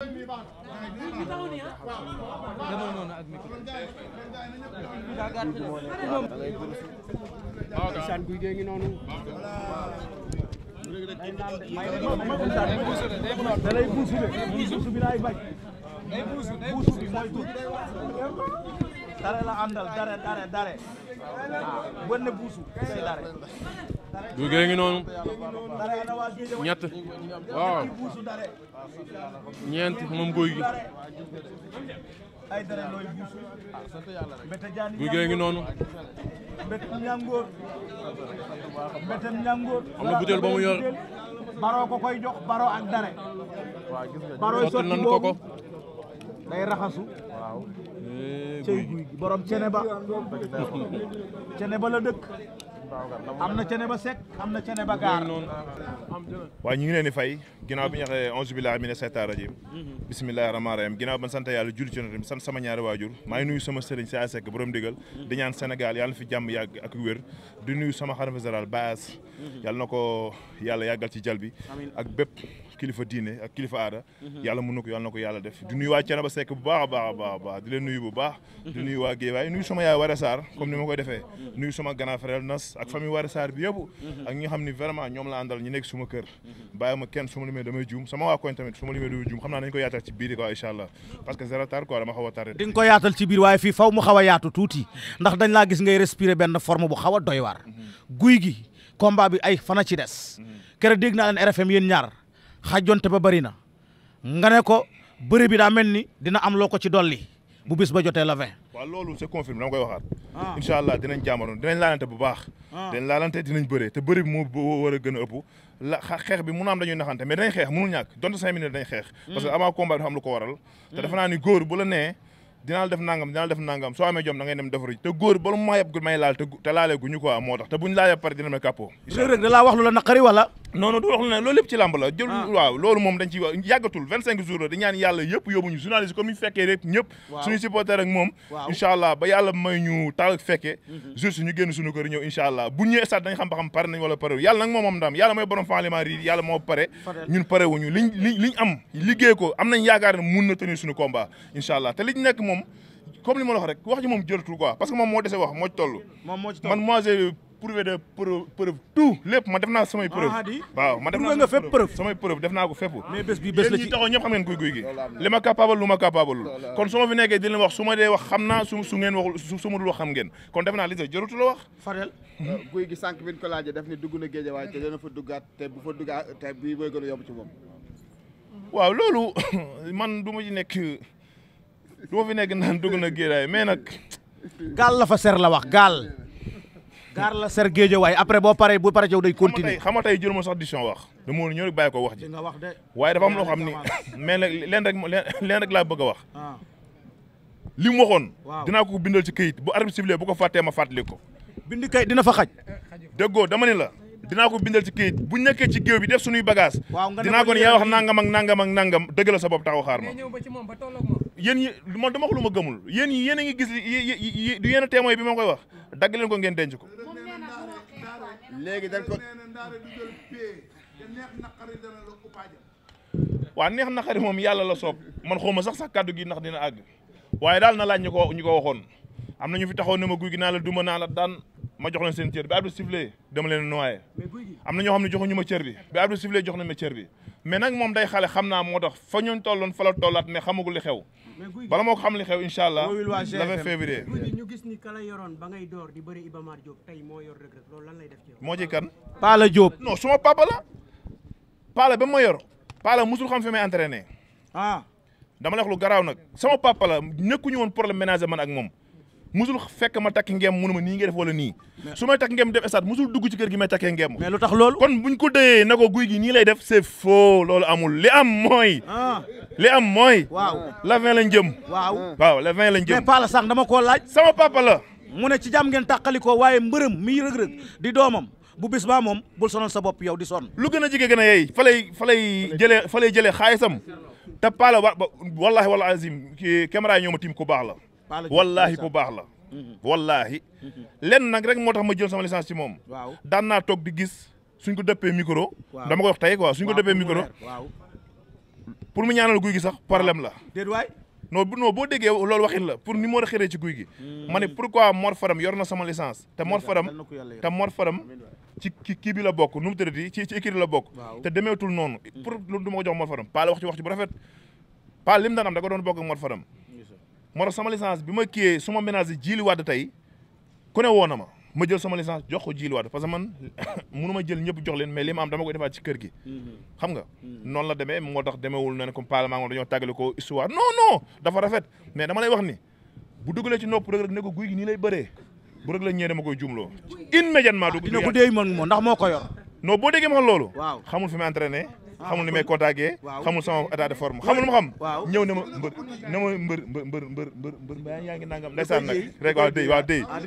Sane guy gee ngi noonu da lay buusu de buusu bi laay bañ buusu bi mooy tur dare la àndal dare dare dare waaw wane buusu si dare. du gée ngi noonu ñett waaw ñeent moom góoy gi. du gée ngi noonu. am na butéel ba mu yor. baroo ko koy jox baroo ak dare. barooy sotti boobu day raxasu. Eh, cey guy borom cene ba cene ba la dëkk am na cene ba sec am na cene ba gaar noonu waaw ñu ngi leen di fay ginaaw bi ñu waxee onze billahi mina seytaan rajim bismillahi rahmaani rahim ginnaaw ban sant yàlla julli ci nabi sant sama ñaari waajur maa ngi nuyu sama sëriñ si Seck borom digal di ñaan Sénégal yàlla na fi jàmm yàgg ak wér di nuyu sama xalifa général Baas yàlla na ko yàlla yàggal ci jal bi ak bépp kilifa diine ak kilifa aada mhm. yàlla mën na ko yàlla na ko yàlla def di nuyu waa Cenaba Seck bu a baax a baax a baax bu baax di mhm. nuyu waa sama yaay Wara Sarr comme ak famille Wari Sarr bi yëpp mhm. ak xam ni vraiment ñoom la àndal ñu nekk suma kër bàyyi ma kenn su ma limee damay juum sama waa koñ tamit su ma limee damay juum xam naa nañ ko yaatal ci a waaye fii faw mu xaw a yaatu tuuti ndax dañ laa gis ngay respirer benn forme bu xaw a doy waar mhm. guy gi combat bi ay fana ci des mhm. keroog dégg naa leen RFM yéen ñaar xajonte ba bëri na nga ne ko bëri bi daa mel ni dina am loo ko ci dolli bu bis ba jotee la vingt. waaw loolu c'est confirmé dama koy waxaat. Ah. incha allah dinañ jàmmaroon dinañ laalante bu baax. Ah. dinañ laalante dinañ bëree te bëri bi moo war a gën a ëpp. la xeex bi mun am dañuy naxante mais dinañ xeex mënul ñàkk donte cinq minutes dinañ xeex. Hmm. parce que avant combat bi xam lu ko waral. te defe hmm. naa ni góor bu la nee. dinaa la def nangam dinaa la def nangam soo amee jom da ngay dem defaru te góor balu maa may laal te laalee guñu quoi moo tax te buñ laalee non non du wax lu ne loolu lépp ci làmb la jël ah. waaw loolu moom dañ ci wax yàggatul vingt cinq jours la di ñaan yàlla yëpp yóbbuñu journaliste comme ñu fekkee rek ñëpp suñu supporter ak moom incha allah ba yàlla may ñu taw ak fekkee mm-hmm. juste ñu génn suñu kër ñëw incha allah bu ñu stade pare nañ wala pare yàlla nag moom moom ndam yàlla mooy borom fanliment rii yàlla moo pare ñun pare wuñu liñ li liñ am liggéey ko am nañ yaakaar mun na tenir suñu combat incha allah te liñ nekk moom comme li ma la wax rek wax moom jëltul quoi parce que moom moo dese wax moo ci prouver de preuve tout lépp ma def naa samay preuve ah, waaw ma def naa nga fépp preuve samay preuve def naa ko fépp mais bés bi bés la ci ñi taxaw xam ngeen kuy guy gi li ma capable lu ma capable kon ma fi nekkee di wax su ma dee wax xam naa su su ngeen waxul su ma dul wax xam ngeen kon def naa li de jërutu la gi sànq ko laajee daf ni dugg na géej waaye te dana fa duggaat te bu fa duggaat waaw loolu man du ma ci nekk du ma fi nekk naan dugg na géej waaye mais nag gaal la fa ser la wax gaal daar la ser géejo waaye après boo paree bu paree yow day continuer xam nga tey jël ma sax décision wax dama woon ñëw rek bàyyi ko wax ji waaye dafa am loo xam ni mais nag leen rek laa bëgg wax ah. li mu waxoon ko bindal ci këyit bu arbitre sifflé bu ko fàttee ma fàttali ko bind kayit dina fa xaj déggoo dama ni dinaa ko bindal ci këyit bu nekkee ci géew bi def suñuy bagage dinaa ko ne yaa wax nangam ak nangam ak nangam dëgg la sa bopp taxaw xaar ma yéen yi man dama ko lu ma gëmul yen yi yéen a ngi gis du yéen a témoin bi ma koy wax dagg ko ngeen denc ko léegi dañ ko waaw neex naqari moom yàlla la soob man xawma sax sax kàddu gi ndax dina àgg waaye daal na laaj ñu ko ñu ko waxoon am na ñu fi taxaw ne ma guy gi naa la duma naa la daan ma jox leen seen cër bi arbitre sifflé dama leen noyé am na ñoo xam ne joxuñu ma cër bi bi arbitre sifflé jox na ma cër bi mais nag moom day xale xam naa moo tax fa ñooñ tolloon fa la tollaat mais xamagul li xew bala moo ko xam li xew incha allah la vingt février ñu gis ni kala yoroon ba ngay door di bëri Iba Mar moo yor loolu lan lay def ci yow moo ci kan Pala Diop non suma papa la ba ma yor Pala musul xam fi may entraîné ah dama la lu garaaw nag sama papala nekku nekkuñu woon problème ménager man ak moom musul fekk ma takk ngeem munu ma nii ngay def wala nii su may takk ngeem def estat musul dugg ci kër gi may takkee ngeem mais lu loolu kon buñ ko dëyee na ko guy gi nii lay def c'est faux loolu amul li am mooy ah. li am mooy waaw la vingt lañ jëm waaw waaw la vingt lañ jëm mais Pala dama koo laaj sama papa la mu ne ci jàmm ngeen ko waaye mbërëm mi rëg-rëg di doomam bu bis baa moom bul sonal sa bopp yow di son lu gën a jige gën a yey fa lay fa lay jëlee fa lay jëlee xaalisam te Pala wa wallahi wala azim caméra yi ñoo ma tiim ku baax wallaahi ku baax la mhm. wallaahi lenn nag rek moo tax ma jël sama licence ci moom waaw daan naa toog di gis suñ ko dëppee micro dama ko wax tey quoi suñ ko dëppee micro pour mu ñaanal guy gi sax problème la déet waay non non boo déggee loolu waxin la pour ni Mor xëree ci guy gi hmm. ma ne pourquoi Mor Fadam yor na sama licence te Mor Fadam te Mor Fadam ci ki kii bi la bokk nu mu tëddati ci ci écrit la bokk te demeetul noonu hmm. pour lu du ma ko jox Mor Fadam pa la wax ci wax ci bu rafet pa lim daan am doon bokk ak Mor moo tax sama licence bi ma kiiyee suma ma ménage jiili waat tey ku ne woo na ma ma jël sama licence jox ko jiili waat parce que man mënu ma jël ñëpp jox leen mais li ma am dama koy defaat ci kër gi. Mm-hmm. xam nga. Mm-hmm. noonu la demee moo tax demeewul ne comme parlement moom dañoo tàggale ko histoire non non dafa rafet mais dama lay wax ni bu dugalee ci nopp rek ne ko guy gi nii lay bëree bu rek la dama koy jumloo. immédiatement dugg ci ah, dina ko déey man moom ndax moo ko yor. non boo déggee ma loolu. waaw xamul fi ma entraîné. Ah, xamul ni may contacté xamul sama état de forme xamul ma xam ñëw ne ma mbër ne ma mbër mbër mbër mbër mbër mbër mbaa yaa ngi nangam ndeysaan nag rek waaw déy waaw déy ah, ah.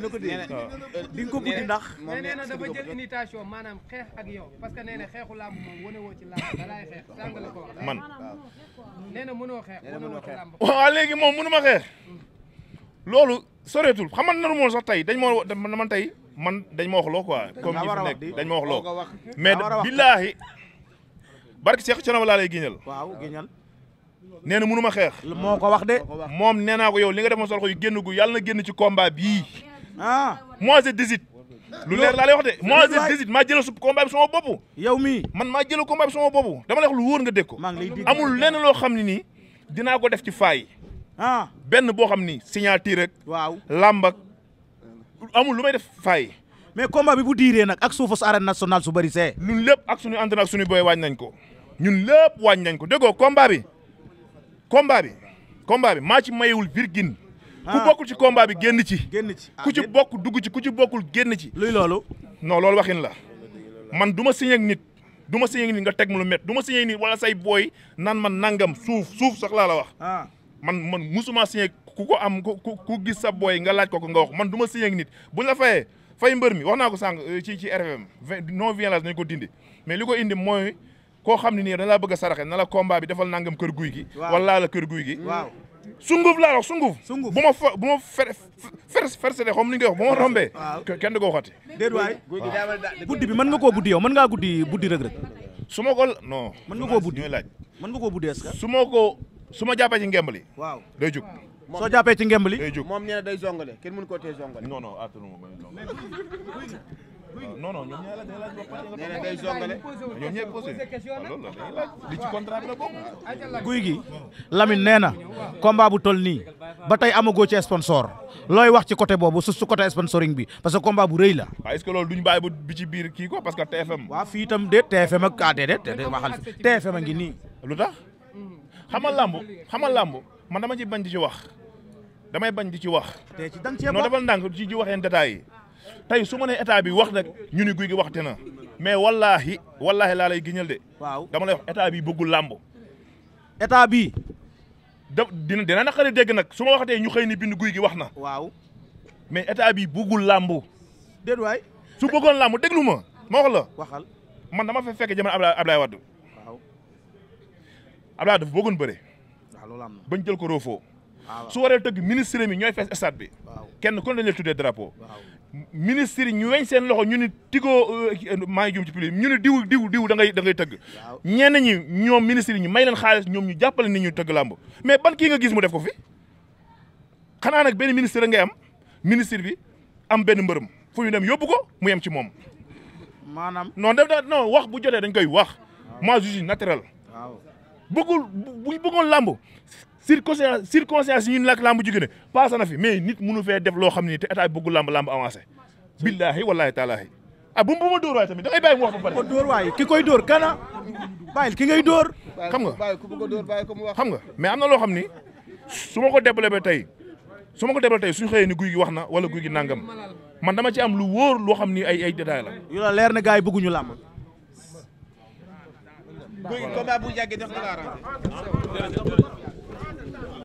di ndax nee na dafa jël maanaam xeex ak yow parce que nee na xeexu wane woo ci la ko man nee na mënoo xeex mënoo ci làmb waaw léegi moom mënu ma xeex loolu soreetul xam man nanu moon sax tey dañ moo man tey man dañ ma wax loo quoi comme ñi nekk dañ ma wax loo mais billaahi barki Seex Canaba laa lay giñal. waaw giñal. nee na mënu ma xeex. moo ko wax de. moom nee naa ko yow li nga def ma sol ko yu génn gu yàlla na génn ci combat bii. ah. moi je décide. lu leer laa lay wax de moi je décide maa jëlal su combat bi sama bopp. yow mii man maa jëlal combat bi sama bopp dama lay lu wóor nga dégg ko. amul lenn loo xam ne nii dinaa ko def ci faay. ah benn boo xam ni signature rek. waaw làmb ak amul lu may def faay. mais combat bi bu diiree nag ak suufu arène nationale su bëri see. ñun lépp ak suñu antenne ak suñu boy wàññi nañ ko. ñun lépp wàññi nañ ko déggoo combat bi combat bi combat bi maa ci mayewul virgin ku ah. bokkul ci combat bi génn ci. génn ah, ku ci bokk dugg ci ku ci bokkul génn ci. luy loolu. non loolu waxin la man duma ma signé nit du ma signé ak nit nga teg ma duma si du ma signé nit wala say booy nan man nangam suuf suuf sax laa la wax. Ah. man man musuma signé ku ko am ku ku gis sa booy nga laaj ko ko nga wax man du ma signé ak nit buñ la fayee fay mbër mi wax naa ko sànq eh, ci ci RFM non violence nañ ko dindi li ko indi mooy. koo xam ne nii da laa bëgg a saraxe na la combat bi defal nangam kër guy gi. wala la kër guy gi. waaw sunguf laa wax sunguf. sunguf bu ma fa bu ma fer fer fersete xaw ma nu ñu koy wax bu kenn du ko waxati. déedéet buddi bi mën nga koo buddi yow man ngaa guddi buddi rëg rëg. su ma ko non. mën nga koo buddi laaj. mën nga koo buddi est su ma ko su jàppee ci ngemb li. waaw day jug. soo jàppee ci ngemb li day jug moom nee day zongale kenn mënu koo tee zongale. non non Ah, non non ñoom ñooy laaj laaj ba nee na day zongale ah, guy gi Lamine nee na bu toll nii ba tey amagoo ci sponsor looy wax ci côté boobu su su côté sponsoring bi parce que combat bu rëy la. waaw est-ce que loolu duñ bàyyi ba bi ci biir kii quoi parce que TFM. waaw fii itam déet TFM ak ah déedéet déedéet a ngi nii. lu tax mm-hmm. xamal lamb xamal lamb man dama ci bañ di ci wax damay bañ di ci wax. tey ci dang cee non dafa ndànk ci waxee détails yi. tey su ma nee état bi wax nag ñu ni guy gi wax te na mais wallaahi wallaahi laa lay giñal de. waaw dama lay wax état bi bëggul làmb. bi. da dina dina naqari dégg nag su ma waxatee ñu xëy ni bind guy gi wax na. waaw mais état bi bëggul làmb. déet su bëggoon làmb déglu ma ma wax la. waxal man dama fa fekk jamono Abdoulaye Abdoulaye Wade. waaw Abdoulaye dafa bëggoon bëre. bañ jël ko roofoo. su waree tëgg ministre mi ñooy fees stade bi. kenn kon dañ lay tuddee drapeau. ministre yi ñu weñ seen loxo ñu ni Tigo euh, maa ngi jum ci pli ñu ni diw diw diw da ngay da ngay tëgg ñeen ñi ñoom ministre yi ñu may leen xaalis ñoom ñu jàppale ni ñu tëgg làmb mais ban kii nga gis mu def ko fi xanaa nag benn ministre ngay am ministre bi am benn mbërëm fu ñu dem yóbbu ko mu yem ci moom maanaam non def da non wax bu jotee dañ koy wax moi je suis naturel bëggul bu bëggoon làmb circonstance circonstance yi ñun nag làmb jugee ne na fi mais nit mënu fee def loo xam ne te état bëggu làmb làmb avancé. billaahi wallaahi taalaahi ah bu ma dóor waay tamit da ngay bàyyi mu wax ba pare. dóor waay ki koy dóor kana bàyyil ki ngay dóor. xam nga bàyyi ku bëgg a dóor bàyyi ko mu xam nga mais am na loo xam ni su ma ko développé tey su ma ko développé tey suñu xëyee ni guy gi wax na wala guy gi nangam man dama ci am lu wóor loo xam ni ay ay détail la. yu la leer na gars yi bëgguñu làmb. guy gi combat bu yàggee def na la arrangé.